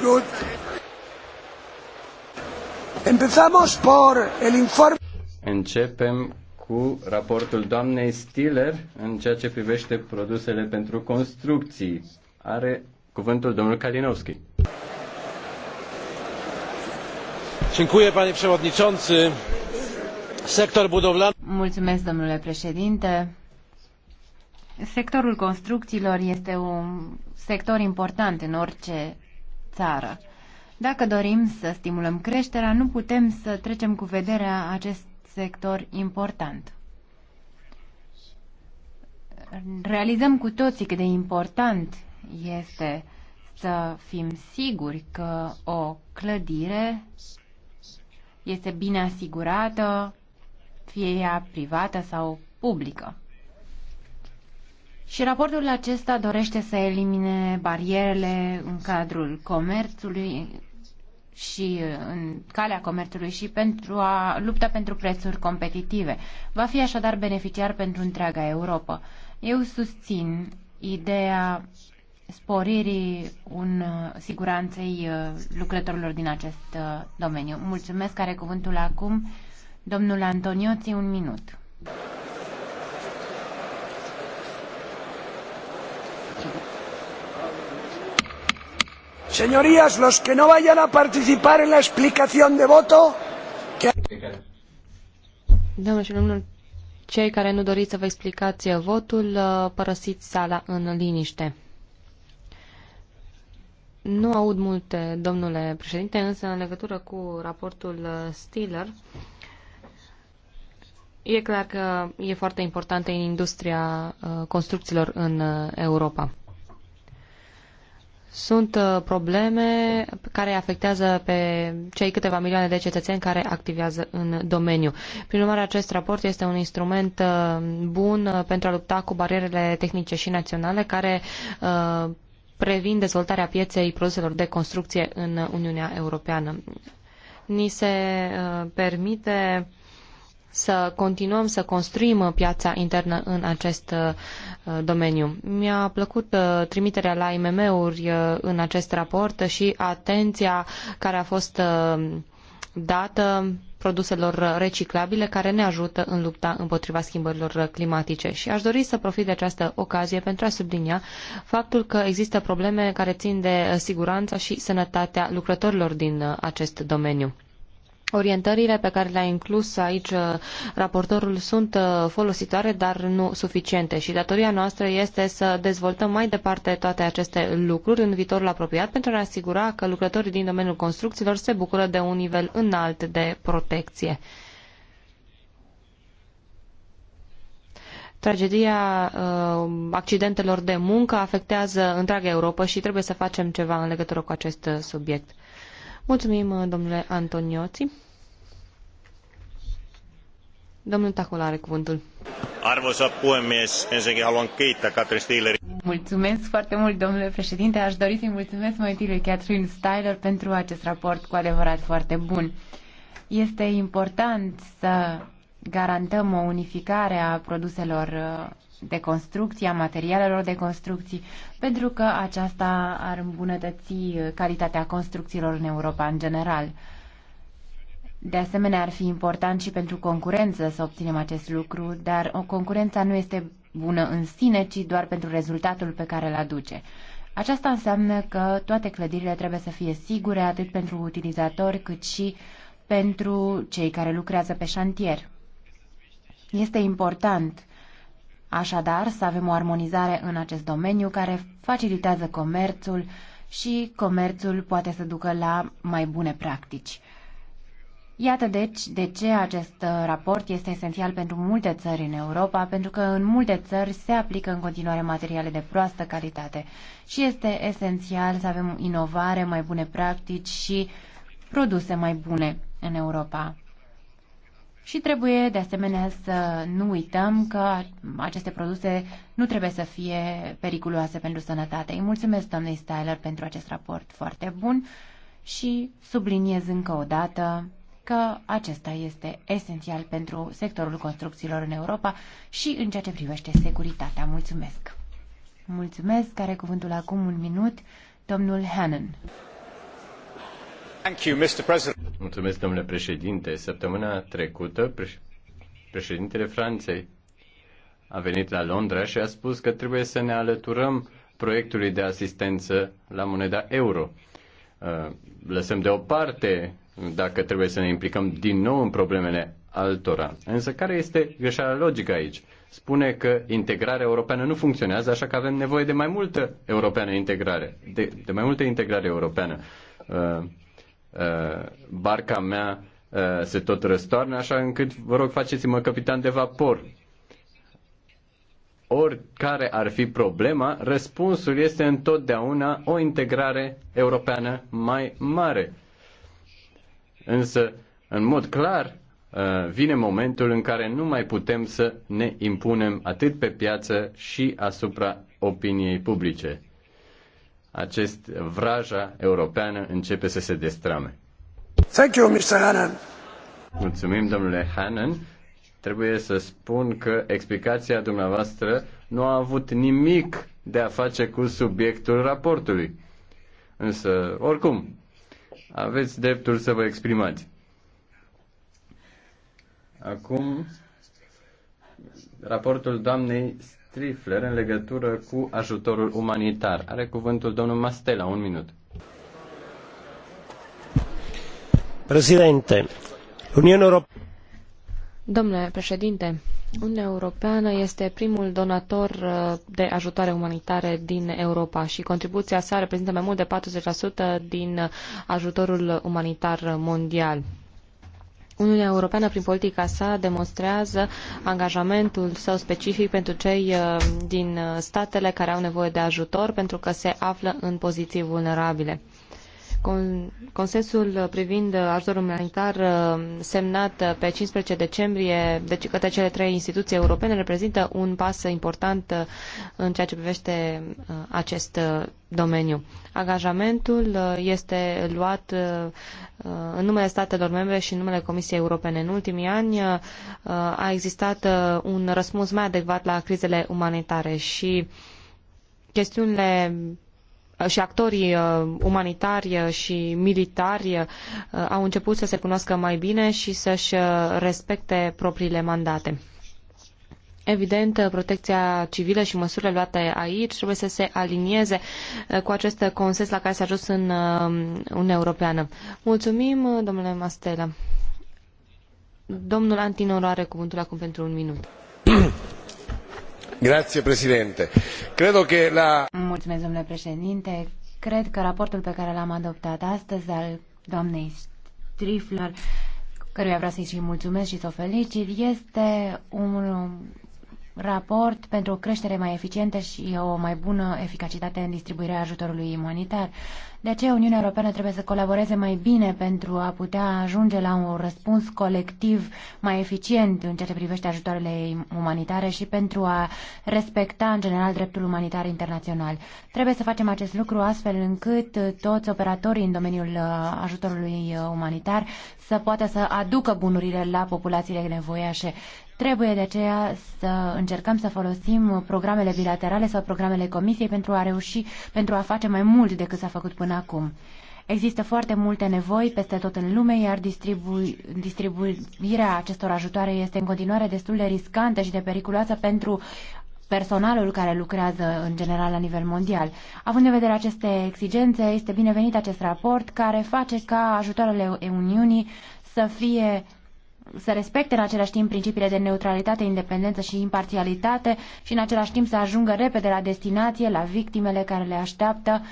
Good. Empezamos por el informe. Începem cu raportul doamnei Stiller în ceea ce privește produsele pentru construcții. Are cuvântul domnul Kalinowski. Dziękuję panie przewodniczący. Sektor budowlany. Mulțumesc domnule președinte. Sectorul construcțiilor este un sector important în orice țară. Dacă dorim să stimulăm creșterea, nu putem să trecem cu vederea acest sector important. Realizăm cu toții cât de important este să fim siguri că o clădire este bine asigurată, fie ea privată sau publică. Și raportul acesta dorește să elimine barierele în cadrul comerțului și uh, în calea comerțului și pentru a lupta pentru prețuri competitive. Va fi așadar beneficiar pentru întreaga Europa. Eu susțin ideea sporirii un uh, siguranței uh, lucrătorilor din acest domeniu. Mulțumesc, are cuvântul acum domnul Antonioți, un minut. Señorías, los que no vayan a participar en la explicación de voto. Doamne și domnul, cei care nu doriți să vă explicați votul, uh, părăsiți sala în liniște. Nu aud multe, domnule președinte, însă în legătură cu raportul uh, Stiller, e clar că e foarte importantă în industria uh, construcțiilor în Europa. Sunt uh, probleme care afectează pe cei câteva milioane de cetățeni care activează în domeniu. Prin urmare, acest raport este un instrument uh, bun uh, pentru a lupta cu barierele tehnice și naționale care previn dezvoltarea pieței produselor de construcție în Uniunea Europeană. Ni se permite să continuăm să construim piața internă în acest uh, domeniu. Mi-a plăcut uh, trimiterea la IMM-uri uh, în acest raport și atenția care a fost dată produselor reciclabile care ne ajută în lupta împotriva schimbărilor climatice. Și aș dori să profit de această ocazie pentru a sublinia faptul că există probleme care țin de siguranța și sănătatea lucrătorilor din acest domeniu. Orientările pe care le-a inclus aici uh, raportorul sunt uh, folositoare, dar nu suficiente și datoria noastră este să dezvoltăm mai departe toate aceste lucruri în viitorul apropiat pentru a ne asigura că lucrătorii din domeniul construcțiilor se bucură de un nivel înalt de protecție. Tragedia uh, accidentelor de muncă afectează întreaga Europa și trebuie să facem ceva în legătură cu acest subiect. Mulțumim, uh, domnule Antonioți. Domnul Tacul are cuvântul. Arvoisa puhemies, ensinnäkin haluan kiittää Katrin Stieleri. Mulțumesc foarte mult, domnule președinte. Aș dori să-i mulțumesc mai întâi lui Catherine Styler pentru acest raport cu adevărat foarte bun. Este important să garantăm o unificare a produselor uh, de construcții, a materialelor de construcții, pentru că aceasta ar îmbunătăți uh, calitatea construcțiilor în Europa în general. De asemenea, ar fi important și pentru concurență să obținem acest lucru, dar o concurență nu este bună în sine, ci doar pentru rezultatul pe care îl aduce. Aceasta înseamnă că toate clădirile trebuie să fie sigure atât pentru utilizatori cât și pentru cei care lucrează pe șantier. Este important Așadar, să avem o armonizare în acest domeniu care facilitează comerțul și comerțul poate să ducă la mai bune practici. Iată deci de ce acest uh, raport este esențial pentru multe țări în Europa, pentru că în multe țări se aplică în continuare materiale de proastă calitate și este esențial să avem inovare, mai bune practici și produse mai bune în Europa. Și trebuie, de asemenea, să nu uităm că aceste produse nu trebuie să fie periculoase pentru sănătate. Îi mulțumesc doamnei Styler pentru acest raport foarte bun și subliniez încă o dată că acesta este esențial pentru sectorul construcțiilor în Europa și în ceea ce privește securitatea. Mulțumesc! Mulțumesc! Care cuvântul acum un minut, domnul Hannon. Mulțumesc, domnule președinte. Săptămâna trecută, președintele Franței a venit la Londra și a spus că trebuie să ne alăturăm proiectului de asistență la moneda euro. Uh, lăsăm deoparte dacă trebuie să ne implicăm din nou în problemele altora. Însă care este greșeala logică aici? Spune că integrarea europeană nu funcționează, așa că avem nevoie de mai multă europeană integrare, de, de mai multă integrare europeană. Uh, Uh, barca mea uh, se tot răstoarne, așa încât vă rog faceți-mă capitan de vapor. Oricare ar fi problema, răspunsul este întotdeauna o integrare europeană mai mare. Însă, în mod clar, uh, vine momentul în care nu mai putem să ne impunem atât pe piață și asupra opiniei publice acest vraja europeană începe să se destrame. Thank you, Mr. Hannan. Mulțumim, domnule Hannan. Trebuie să spun că explicația dumneavoastră nu a avut nimic de a face cu subiectul raportului. Însă, oricum, aveți dreptul să vă exprimați. Acum, raportul doamnei Strifler în legătură cu ajutorul umanitar. Are cuvântul domnul Mastela, un minut. Președinte, Uniunea Europeană. Domnule președinte, Uniunea Europeană este primul donator uh, de ajutoare umanitare din Europa și contribuția sa reprezintă mai mult de 40% din ajutorul umanitar mondial. Uniunea Europeană, prin politica sa, demonstrează angajamentul său specific pentru cei uh, din uh, statele care au nevoie de ajutor pentru că se află în poziții vulnerabile. Consensul privind ajutorul umanitar uh, semnat pe 15 decembrie de către cele trei instituții europene reprezintă un pas important uh, în ceea ce privește uh, acest domeniu. Angajamentul este luat în numele statelor membre și în numele Comisiei Europene. În ultimii ani a existat un răspuns mai adecvat la crizele umanitare și chestiunile și actorii uh, umanitari și militari uh, au început să se cunoască mai bine și să-și uh, respecte propriile mandate. Evident, protecția civilă și măsurile luate aici trebuie să se alinieze cu acest consens la care s-a ajuns în Uniunea Europeană. Mulțumim, domnule Mastela. Domnul Antinor are cuvântul acum pentru un minut. Mulțumesc, domnule președinte. Cred că raportul pe care l-am adoptat astăzi al doamnei striffler căruia vreau să-i mulumesc mulțumesc și să o felicit, este un raport pentru o creștere mai eficientă și o mai bună eficacitate în distribuirea ajutorului umanitar. De aceea Uniunea Europeană trebuie să colaboreze mai bine pentru a putea ajunge la un răspuns colectiv mai eficient în ceea ce privește ajutoarele umanitare și pentru a respecta în general dreptul umanitar internațional. Trebuie să facem acest lucru astfel încât toți operatorii în domeniul uh, ajutorului uh, umanitar să poată să aducă bunurile la populațiile nevoiașe. Trebuie de aceea să încercăm să folosim programele bilaterale sau programele comisiei pentru a reuși, pentru a face mai mult decât s-a făcut până acum. Există foarte multe nevoi peste tot în lume, iar distribu- distribuirea acestor ajutoare este în continuare destul de riscantă și de periculoasă pentru personalul care lucrează în general la nivel mondial. Având în vedere aceste exigențe, este binevenit acest raport care face ca ajutoarele Uniunii să fie să respecte în același timp principiile de neutralitate, independență și imparțialitate și în același timp să ajungă repede la destinație, la victimele care le așteaptă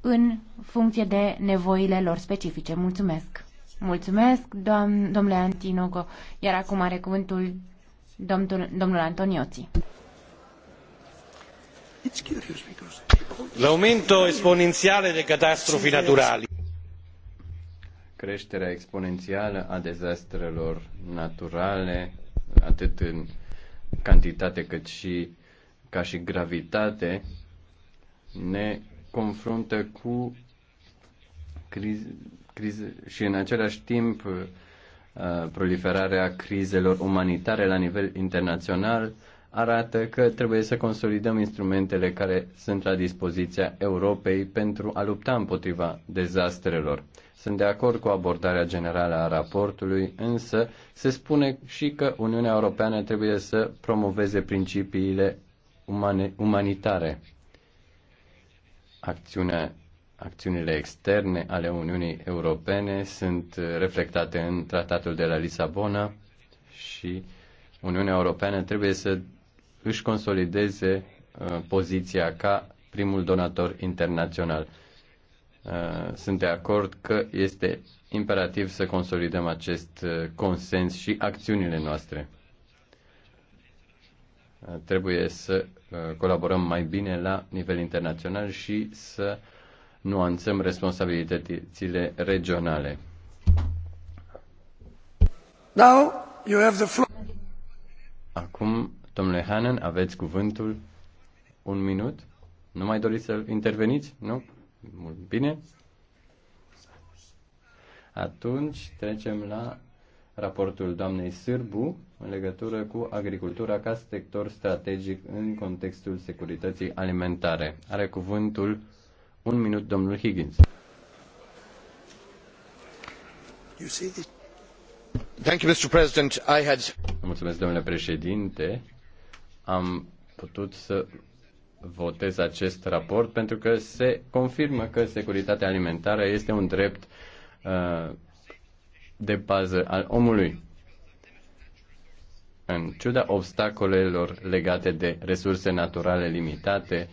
în funcție de nevoile lor specifice. Mulțumesc! Mulțumesc, doam, domnule Antinogo. Iar acum are cuvântul domnul, domnul Antonioții. L'aumento esponenziale delle catastrofi naturali creșterea exponențială a dezastrelor naturale, atât în cantitate cât și ca și gravitate, ne confruntă cu crize, crize și în același timp uh, proliferarea crizelor umanitare la nivel internațional arată că trebuie să consolidăm instrumentele care sunt la dispoziția Europei pentru a lupta împotriva dezastrelor. Sunt de acord cu abordarea generală a raportului, însă se spune și că Uniunea Europeană trebuie să promoveze principiile umane, umanitare. Acțiunea, acțiunile externe ale Uniunii Europene sunt reflectate în Tratatul de la Lisabona și Uniunea Europeană trebuie să își consolideze uh, poziția ca primul donator internațional. Uh, sunt de acord că este imperativ să consolidăm acest uh, consens și acțiunile noastre. Trebuie să colaborăm mai bine la nivel internațional și să nuanțăm responsabilitățile regionale. Now you have the floor. Acum Domnule Hanan, aveți cuvântul. Un minut. Nu mai doriți să interveniți? Nu? Bine. Atunci trecem la raportul doamnei Sârbu în legătură cu agricultura ca sector strategic în contextul securității alimentare. Are cuvântul un minut domnul Higgins. You see Thank you, Mr. President. I had... Mulțumesc, domnule președinte am putut să votez acest raport pentru că se confirmă că securitatea alimentară este un drept uh, de bază al omului. În ciuda obstacolelor legate de resurse naturale limitate,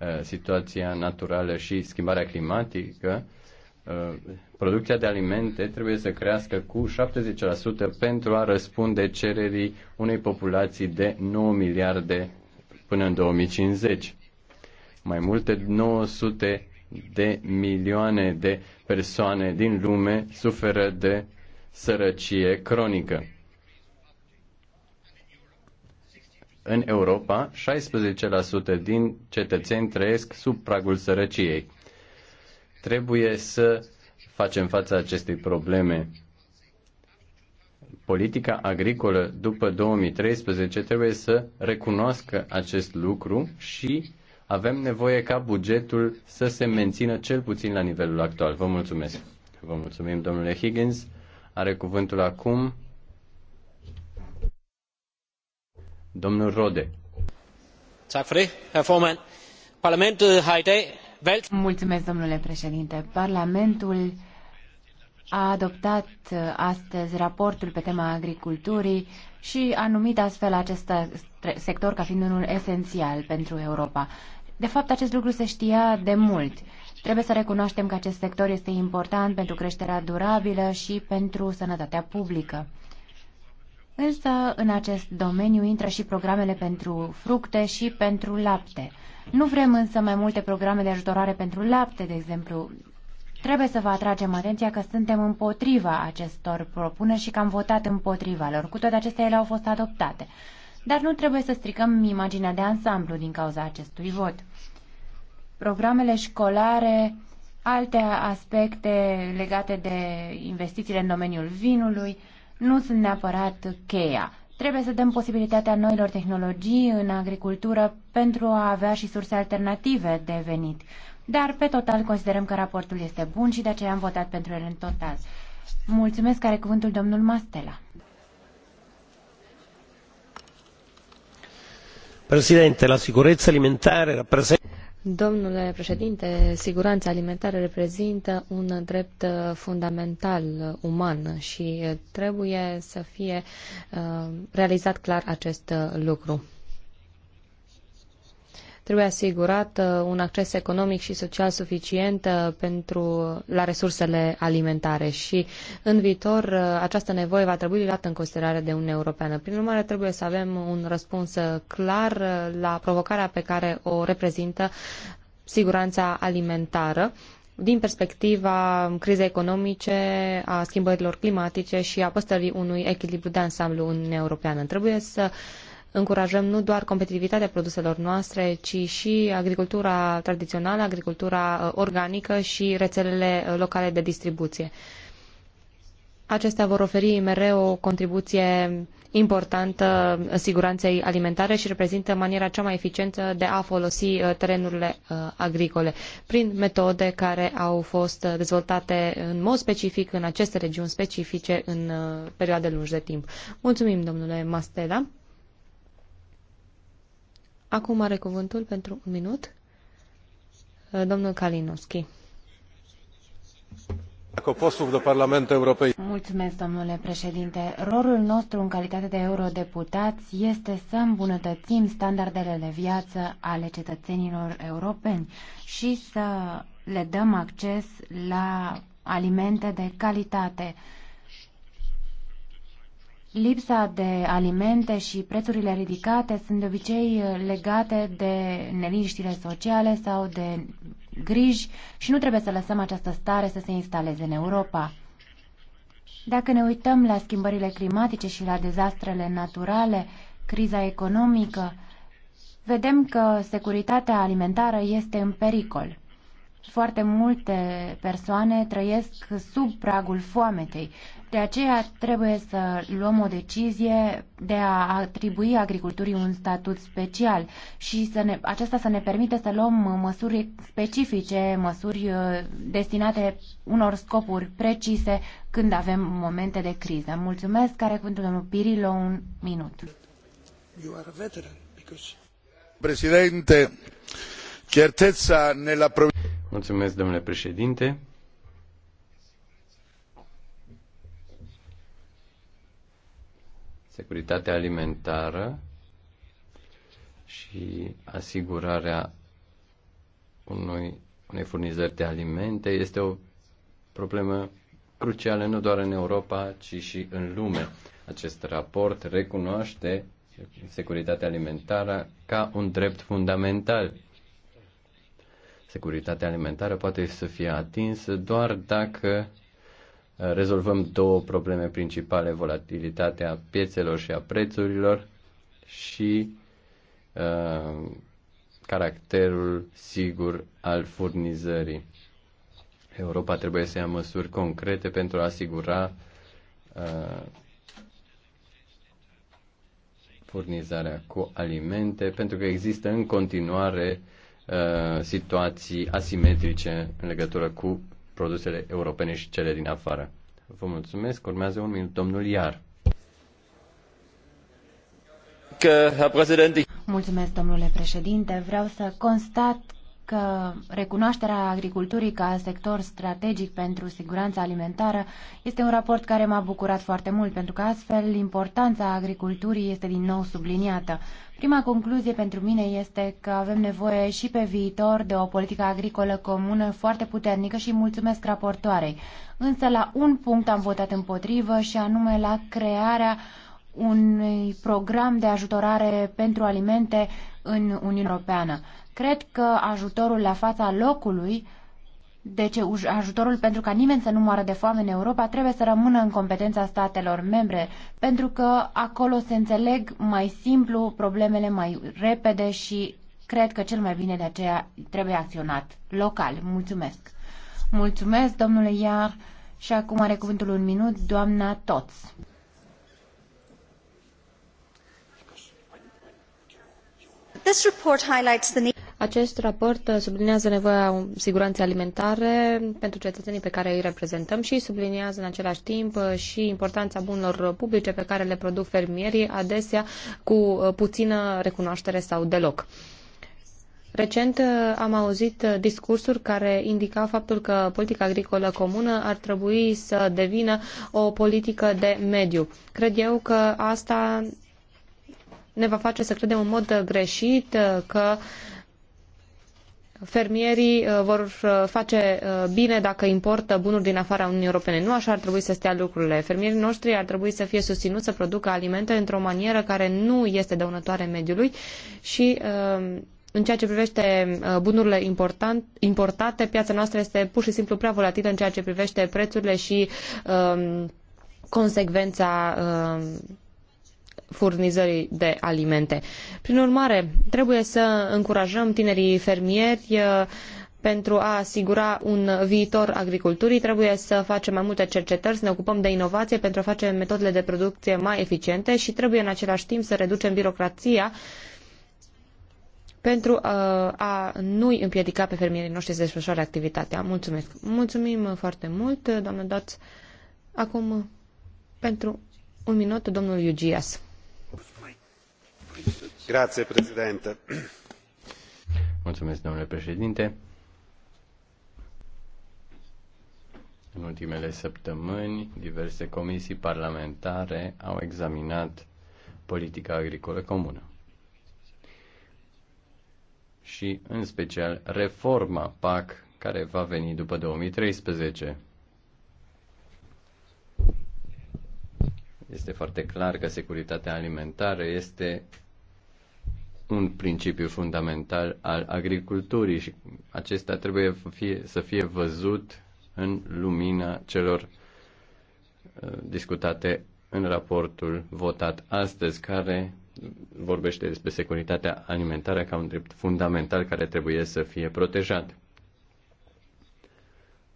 uh, situația naturală și schimbarea climatică, uh, Uh, producția de alimente trebuie să crească cu 70% pentru a răspunde cererii unei populații de 9 miliarde până în 2050. Mai multe 900 de milioane de persoane din lume suferă de sărăcie cronică. În Europa, 16% din cetățeni trăiesc sub pragul sărăciei. Trebuie să facem față acestei probleme. Politica agricolă după 2013 trebuie să recunoască acest lucru și avem nevoie ca bugetul să se mențină cel puțin la nivelul actual. Vă mulțumesc. Vă mulțumim, domnule Higgins. Are cuvântul acum domnul Rode. Tak for det, herr formand. Parlamentet har i dag Mulțumesc, domnule președinte. Parlamentul a adoptat uh, astăzi raportul pe tema agriculturii și a numit astfel acest uh, sector ca fiind unul esențial pentru Europa. De fapt, acest lucru se știa de mult. Trebuie să recunoaștem că acest sector este important pentru creșterea durabilă și pentru sănătatea publică. Însă, în acest domeniu intră și programele pentru fructe și pentru lapte. Nu vrem însă mai multe programe de ajutorare pentru lapte, de exemplu. Trebuie să vă atragem atenția că suntem împotriva acestor propuneri și că am votat împotriva lor. Cu toate acestea, ele au fost adoptate. Dar nu trebuie să stricăm imaginea de ansamblu din cauza acestui vot. Programele școlare, alte aspecte legate de investițiile în domeniul vinului, nu sunt neapărat cheia. Trebuie să dăm posibilitatea noilor tehnologii în agricultură pentru a avea și surse alternative de venit. Dar, pe total, considerăm că raportul este bun și de aceea am votat pentru el în total. Mulțumesc, care cuvântul domnul Mastela. Presidente, la sicurezza alimentare rappresenta... Domnule președinte, siguranța alimentară reprezintă un drept uh, fundamental uh, uman și uh, trebuie să fie realizat clar acest lucru. Trebuie asigurat uh, un acces economic și social suficient uh, pentru la resursele alimentare și în viitor uh, această nevoie va trebui luată în considerare de Uniunea Europeană. Prin urmare, trebuie să avem un răspuns clar la provocarea pe care o reprezintă siguranța alimentară din perspectiva crizei economice, a schimbărilor climatice și a păstării unui echilibru de ansamblu în Uniunea Europeană. Trebuie să încurajăm nu doar competitivitatea produselor noastre, ci și agricultura tradițională, agricultura uh, organică și rețelele uh, locale de distribuție. Acestea vor oferi mereu o contribuție importantă uh, siguranței alimentare și reprezintă maniera cea mai eficientă de a folosi terenurile agricole prin metode care au fost dezvoltate în mod specific în aceste regiuni specifice în perioade lungi de timp. Mulțumim, domnule Mastela. Acum are cuvântul pentru un minut uh, domnul Kalinowski. Mulțumesc, domnule președinte. Rolul nostru în calitate de eurodeputați este să îmbunătățim standardele de viață ale cetățenilor europeni și să le dăm acces la alimente de calitate. Lipsa de alimente și prețurile ridicate sunt de obicei uh, legate de neliniștile sociale sau de griji și nu trebuie să lăsăm această stare să se instaleze în Europa. Dacă ne uităm la schimbările climatice și la dezastrele naturale, criza economică, vedem că securitatea alimentară este în pericol. Foarte multe persoane trăiesc sub pragul foametei de aceea trebuie să luăm o decizie de a atribui agriculturii un statut special și să ne, aceasta să ne permite să luăm măsuri specifice, măsuri uh, destinate unor scopuri precise când avem momente de criză. Mulțumesc, care cuvântul domnul Pirilo, un minut. Președinte, certeța ne la... Mulțumesc, domnule președinte. securitatea alimentară și asigurarea unui, unei furnizări de alimente este o problemă crucială nu doar în Europa, ci și în lume. Acest raport recunoaște securitatea alimentară ca un drept fundamental. Securitatea alimentară poate să fie atinsă doar dacă rezolvăm două probleme principale, volatilitatea piețelor și a prețurilor și uh, caracterul sigur al furnizării. Europa trebuie să ia măsuri concrete pentru a asigura uh, furnizarea cu alimente, pentru că există în continuare uh, situații asimetrice în legătură cu produsele europene și cele din afară. Vă mulțumesc. Urmează un minut, domnul Iar. Mulțumesc, domnule președinte. Vreau să constat că recunoașterea agriculturii ca sector strategic pentru siguranța alimentară este un raport care m-a bucurat foarte mult, pentru că astfel importanța agriculturii este din nou subliniată. Prima concluzie pentru mine este că avem nevoie și pe viitor de o politică agricolă comună foarte puternică și mulțumesc raportoarei. Însă la un punct am votat împotrivă și anume la crearea unui program de ajutorare pentru alimente în Uniunea Europeană. Cred că ajutorul la fața locului, deci ajutorul pentru ca nimeni să nu moară de foame în Europa, trebuie să rămână în competența statelor membre, pentru că acolo se înțeleg mai simplu problemele mai repede și cred că cel mai bine de aceea trebuie acționat local. Mulțumesc! Mulțumesc, domnule Iar, și acum are cuvântul un minut, doamna Toți. This report highlights the need acest raport uh, subliniază nevoia siguranței alimentare pentru cetățenii pe care îi reprezentăm și subliniază în același timp uh, și importanța bunurilor publice pe care le produc fermierii, adesea cu uh, puțină recunoaștere sau deloc. Recent am auzit discursuri care indicau faptul că politica agricolă comună ar trebui să devină o politică de mediu. Cred eu că asta ne va face să credem în mod greșit că uh, fermierii uh, vor uh, face uh, bine dacă importă bunuri din afara Uniunii Europene. Nu așa ar trebui să stea lucrurile. Fermierii noștri ar trebui să fie susținuți să producă alimente într-o manieră care nu este dăunătoare mediului și în ceea ce privește bunurile importate, piața noastră este pur și simplu prea volatilă în ceea ce privește prețurile și consecvența furnizării de alimente. Prin urmare, trebuie să încurajăm tinerii fermieri uh, pentru a asigura un viitor agriculturii, trebuie să facem mai multe cercetări, să ne ocupăm de inovație pentru a face metodele de producție mai eficiente și trebuie în același timp să reducem birocrația pentru uh, a nu-i împiedica pe fermierii noștri să desfășoare activitatea. Mulțumesc! Mulțumim foarte mult, doamnă Dați. Acum, pentru un minut, domnul Iugias. Mulțumesc, domnule președinte. În ultimele săptămâni, diverse comisii parlamentare au examinat politica agricolă comună și, în special, reforma PAC care va veni după 2013. Este foarte clar că securitatea alimentară este un principiu fundamental al agriculturii și acesta trebuie fie, să fie văzut în lumina celor uh, discutate în raportul votat astăzi, care vorbește despre securitatea alimentară ca un drept fundamental care trebuie să fie protejat.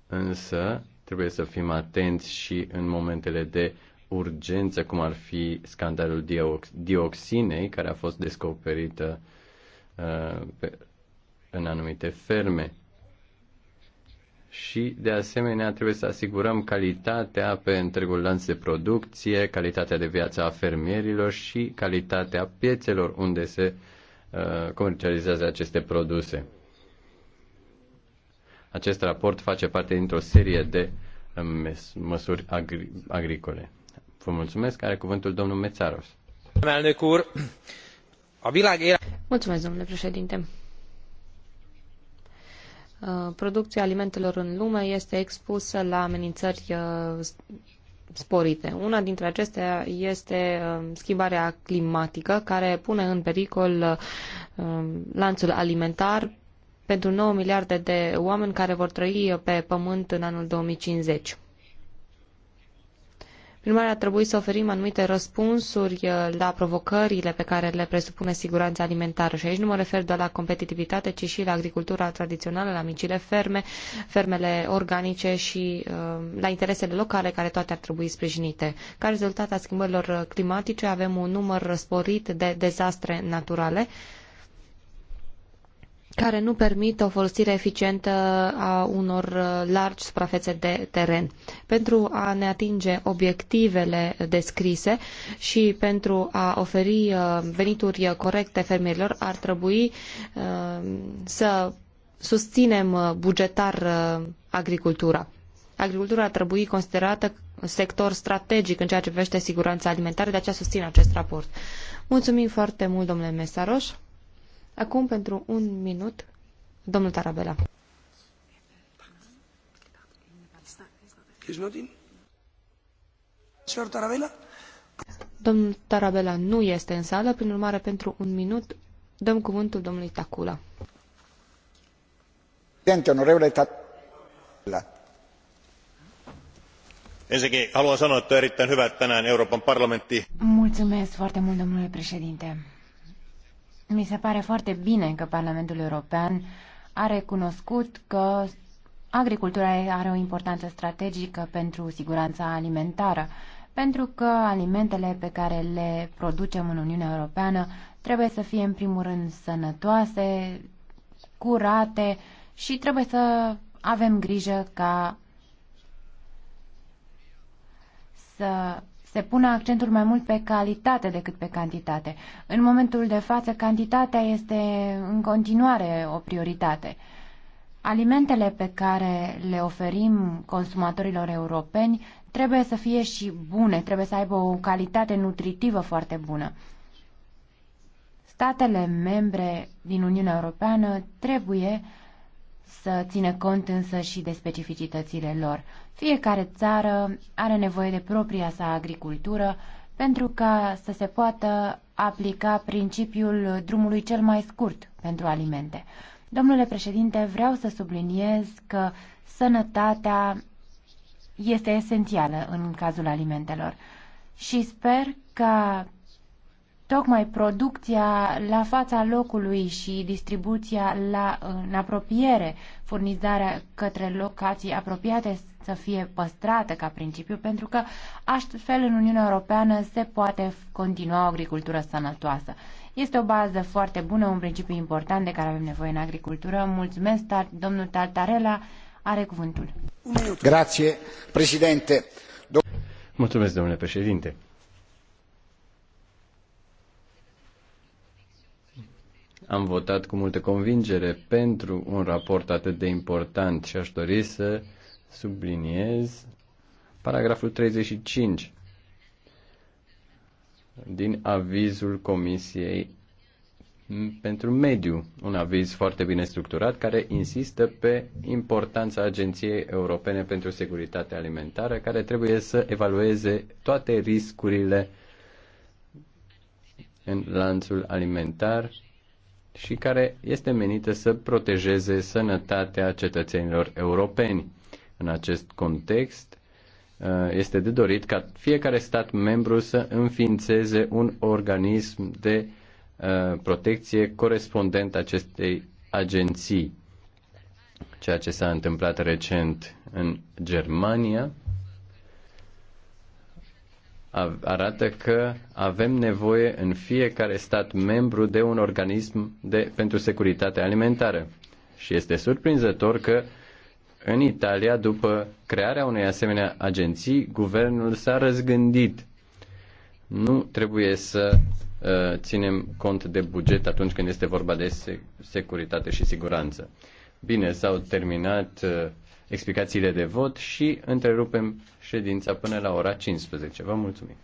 Însă, trebuie să fim atenți și în momentele de urgențe, cum ar fi scandalul diox- dioxinei, care a fost descoperită uh, pe, în anumite ferme. Și, de asemenea, trebuie să asigurăm calitatea pe întregul lanț de producție, calitatea de viață a fermierilor și calitatea piețelor unde se uh, comercializează aceste produse. Acest raport face parte dintr-o serie de uh, măsuri agri- agricole. Vă mulțumesc. Are cuvântul domnul Mețaros. Mulțumesc, domnule președinte. Uh, producția alimentelor în lume este expusă la amenințări uh, sporite. Una dintre acestea este uh, schimbarea climatică, care pune în pericol lanțul alimentar pentru 9 miliarde de oameni care vor trăi pe pământ în anul 2050. Prin urmare, ar trebui să oferim anumite răspunsuri uh, la provocările pe care le presupune siguranța alimentară. Și aici nu mă refer doar la competitivitate, ci și la agricultura tradițională, la micile ferme, fermele organice și uh, la interesele locale, care toate ar trebui sprijinite. Ca rezultat a schimbărilor climatice avem un număr sporit de dezastre naturale, care nu permit o folosire eficientă a unor uh, largi suprafețe de teren. Pentru a ne atinge obiectivele descrise și pentru a oferi uh, venituri corecte fermierilor, ar trebui uh, să susținem bugetar agricultura. Agricultura ar trebui considerată sector strategic în ceea ce privește siguranța alimentară, de aceea susțin acest raport. Mulțumim foarte mult, domnule Mesaroș. Acum, pentru un minut, domnul Tarabela. Domnul Tarabela nu este în sală, prin urmare, pentru un minut, dăm cuvântul domnului Tacula. Ensinnäkin haluan sanoa, että on erittäin hyvä, että tänään Euroopan parlamentti... Mulțumesc foarte mult, domnule președinte. Mi se pare foarte bine că Parlamentul European a recunoscut că agricultura are o importanță strategică pentru siguranța alimentară, pentru că alimentele pe care le producem în Uniunea Europeană trebuie să fie în primul rând sănătoase, curate și trebuie să avem grijă ca să se pune accentul mai mult pe calitate decât pe cantitate. În momentul de față, cantitatea este în continuare o prioritate. Alimentele pe care le oferim consumatorilor europeni trebuie să fie și bune, trebuie să aibă o calitate nutritivă foarte bună. Statele membre din Uniunea Europeană trebuie să țină cont însă și de specificitățile lor. Fiecare țară are nevoie de propria sa agricultură pentru ca să se poată aplica principiul drumului cel mai scurt pentru alimente. Domnule președinte, vreau să subliniez că sănătatea este esențială în cazul alimentelor și sper ca Tocmai producția la fața locului și distribuția la, în apropiere, furnizarea către locații apropiate să fie păstrată ca principiu, pentru că astfel în Uniunea Europeană se poate continua o agricultură sănătoasă. Este o bază foarte bună, un principiu important de care avem nevoie în agricultură. Mulțumesc, domnul Tartarela are cuvântul. Grație, președinte. Mulțumesc, domnule președinte. Am votat cu multă convingere pentru un raport atât de important și aș dori să subliniez paragraful 35 din avizul Comisiei pentru mediu, un aviz foarte bine structurat care insistă pe importanța Agenției Europene pentru Securitate Alimentară, care trebuie să evalueze toate riscurile în lanțul alimentar și care este menită să protejeze sănătatea cetățenilor europeni. În acest context, uh, este de dorit ca fiecare stat membru să înființeze un organism de uh, protecție corespondent acestei agenții. Ceea ce s-a întâmplat recent în Germania, arată că avem nevoie în fiecare stat membru de un organism de, pentru securitate alimentară. Și este surprinzător că în Italia, după crearea unei asemenea agenții, guvernul s-a răzgândit. Nu trebuie să uh, ținem cont de buget atunci când este vorba de securitate și siguranță. Bine, s-au terminat uh, explicațiile de vot și întrerupem ședința până la ora 15. Vă mulțumim!